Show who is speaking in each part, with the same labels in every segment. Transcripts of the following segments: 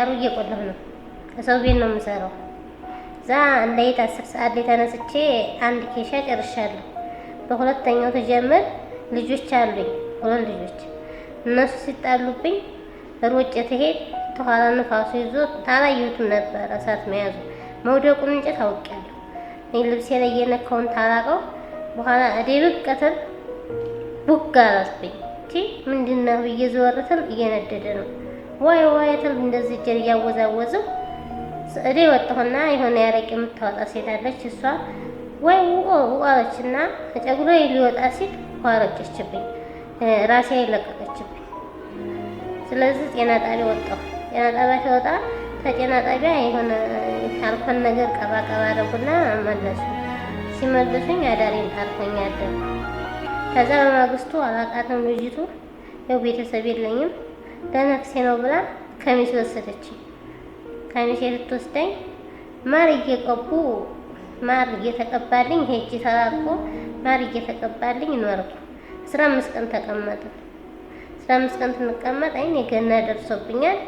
Speaker 1: ዳሩ እየቆለፍ ነው። ከሰው ቤት ነው የምሰራው። እዛ እንደየት አስር ሰዓት ላይ ተነስቼ አንድ ኬሻ ጨርሻለሁ። በሁለተኛው ተጀመር ልጆች አሉኝ፣ ሁለት ልጆች እነሱ ሲጣሉብኝ ሮጬ ትሄድ ተኋላ ንፋሱ ይዞ ታላየሁትም ነበር እሳት መያዙ መውደቁን እንጨት አውቄያለሁ። ይህ ልብሴ ላይ የነካውን ታላቀው በኋላ እዴ ብቀተል ቡጋ አላስብኝ ቺ ምንድነው ብዬ ዘወርትም እየነደደ ነው ወይ ወይ ትል እንደዚህ እጄን እያወዛወዝም እኔ ወጣሁና የሆነ ያረቅ የምታወጣ ሴት አለች። እሷ ወይ ውኦ አለች እና ጨጉሎ ሊወጣ ሲል ረጨችብኝ፣ ራሴ አይለቀቀችብኝ። ስለዚህ ጤና ጣቢያ ወጣሁ። ጤና ጣቢያ ሲወጣ ከጤና ጣቢያ የሆነ አልኮል ነገር ቀባ ቀባ አደረጉና መለሱ። ሲመልሱኝ አዳሬን ጣልኮኝ ከዛ በማግስቱ አላቃትም ልጅቱ፣ ያው ቤተሰብ የለኝም ለነፍሴ ነው ብላ ከሚስ ወሰደች። ከሚስ የትትወስደኝ ማር እየቀቡ ማር እየተቀባልኝ ሄጅ ተራርቆ ማር እየተቀባልኝ ኖርኩ። አስራ አምስት ቀን ተቀመጥን። አስራ አምስት ቀን ትንቀመጥ አይን የገና ደርሶብኛል።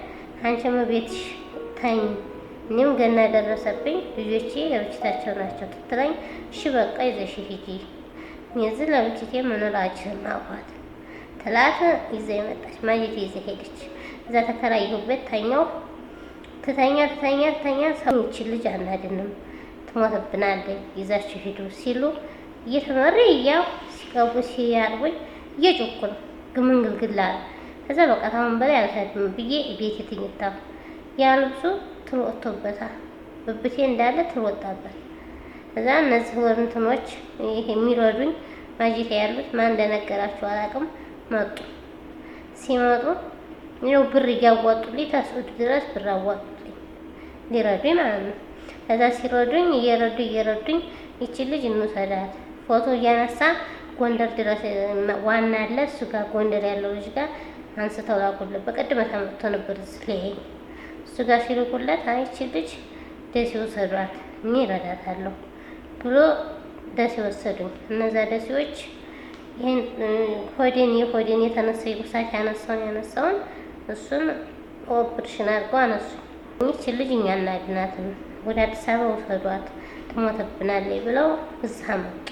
Speaker 1: አንቺም ቤትሽ ተኝ፣ እኔም ገና ደረሰብኝ። ልጆቼ ለብቻቸው ናቸው ትትለኝ፣ እሺ በቃ ይዘሽ ሂጂ። እዚህ ለብቻዬ መኖር አልችልም አልኳት። ትላት ይዛ የመጣች ማጀት ይዛ ሄደች። እዛ ተከራየሁበት ተኛው። ትተኛ ትተኛ ትተኛ ሰዎች ልጅ አናድንም ትሞትብናለች ይዛችሁ ሂዱ ሲሉ እየተመሪ እያው ሲቀቡ ሲያርቡኝ እየጮኩ ነው ግምን አለ። ከዛ በቃ ታሁን በላይ አልሰድም ብዬ ቤት የትኝታ ያልብሱ ትሮወጥቶበታል ብብቴ እንዳለ ትልወጣበት እዛ እነዚህ ወንትኖች ይሄ የሚረዱኝ ማጅት ያሉት ማን እንደነገራችሁ አላውቅም። መጡ። ሲመጡ ይኸው ብር እያዋጡልኝ ታስዑድ ድረስ ብር አዋጡልኝ ሊረዱኝ ማለት ነው። ከዛ ሲረዱኝ እየረዱ እየረዱኝ ይችን ልጅ እንውሰዳት ፎቶ እያነሳ ጎንደር ድረስ ዋና አለ እሱ ጋር ጎንደር ያለው ልጅ ጋር አንስተው ላኩለት። በቀደም ተመጥቶ ነበር ስለይ እሱ ጋር ሲልኩለት አይቺ ልጅ ደሴ ወሰዷት እኔ እረዳታለሁ ብሎ ደሴ ወሰዱኝ። እነዛ ደሴዎች ይህን ሆዴን የሆዴን የተነሳ የጉሳት ያነሳውን ያነሳውን እሱን ኦፕሬሽን አድርገው አነሱ። ይች ልጅ እኛ እናድናትም ወደ አዲስ አበባ ውሰዷት ትሞተብናለች ብለው እዛ መጡ።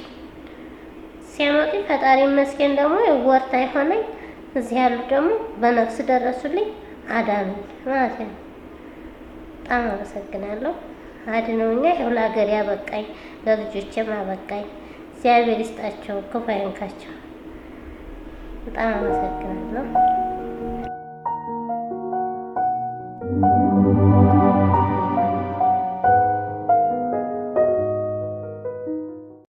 Speaker 1: ሲያመጡ ፈጣሪ ይመስገን ደግሞ ወርታ የሆነኝ እዚህ ያሉት ደግሞ በነፍስ ደረሱልኝ፣ አዳኑ ማለት ነው። በጣም አመሰግናለሁ። አድነውኛ። ይኸው ለሀገሬ አበቃኝ፣ ለልጆቼም አበቃኝ። እግዚአብሔር ይስጣቸው፣ ክፉ ያንካቸው። በጣም አመሰግናለሁ።